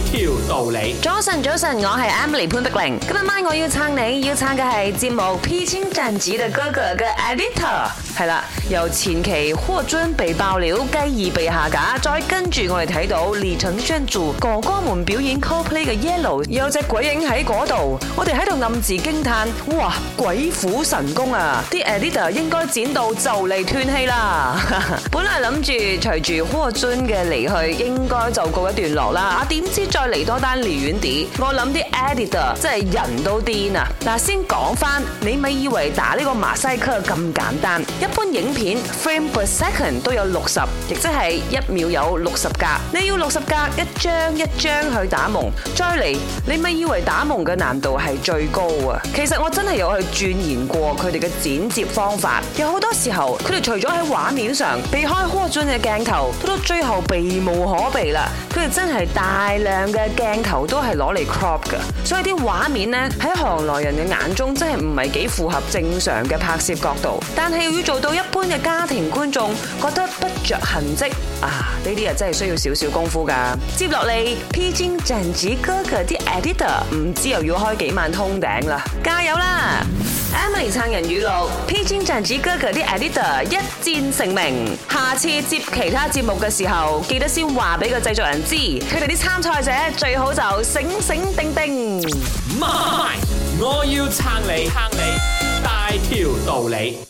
條道理。早晨，早晨，我係 Emily 潘碧玲。今日晚我要撐你要撐嘅係節目《披荊斬棘》嘅哥哥嘅 Editor。係啦、哎，由前期霍尊被爆料繼而被下架，再跟住我哋睇到李承铉做哥哥們表演 cosplay 嘅 Yellow，有隻鬼影喺嗰度，我哋喺度暗自驚嘆：，哇，鬼斧神工啊！啲 Editor 應該剪到就嚟斷氣啦。 本嚟諗住隨住霍尊嘅離去，應該就告一段落啦。啊，點知？再嚟多單離遠啲，我諗啲 editor 真係人都癲啊！嗱，先講翻，你咪以為打呢個馬賽克咁簡單？一般影片 frame per second 都有六十，亦即係一秒有六十格。你要六十格一張一張一張去打蒙，再嚟你咪以為打蒙嘅難度係最高啊？其實我真係有去鑽研過佢哋嘅剪接方法，有好多時候佢哋除咗喺畫面上避開柯俊嘅鏡頭，到到最後避無可避啦，佢哋真係大量。樣嘅鏡頭都係攞嚟 crop 嘅，所以啲畫面呢，喺行內人嘅眼中真係唔係幾符合正常嘅拍攝角度，但係又要做到一般嘅家庭觀眾覺得不着痕跡啊，呢啲啊真係需要少少功夫噶。接落嚟，P J ij 鄭子哥哥啲 editor 唔知又要開幾萬通頂啦，加油啦！Emily 撐人語錄，P.J. 撐住哥哥啲 editor 一戰成名。下次接其他節目嘅時候，記得先話俾個製作人知。佢哋啲參賽者最好就醒醒定定。我要撐你，撐你大條道理。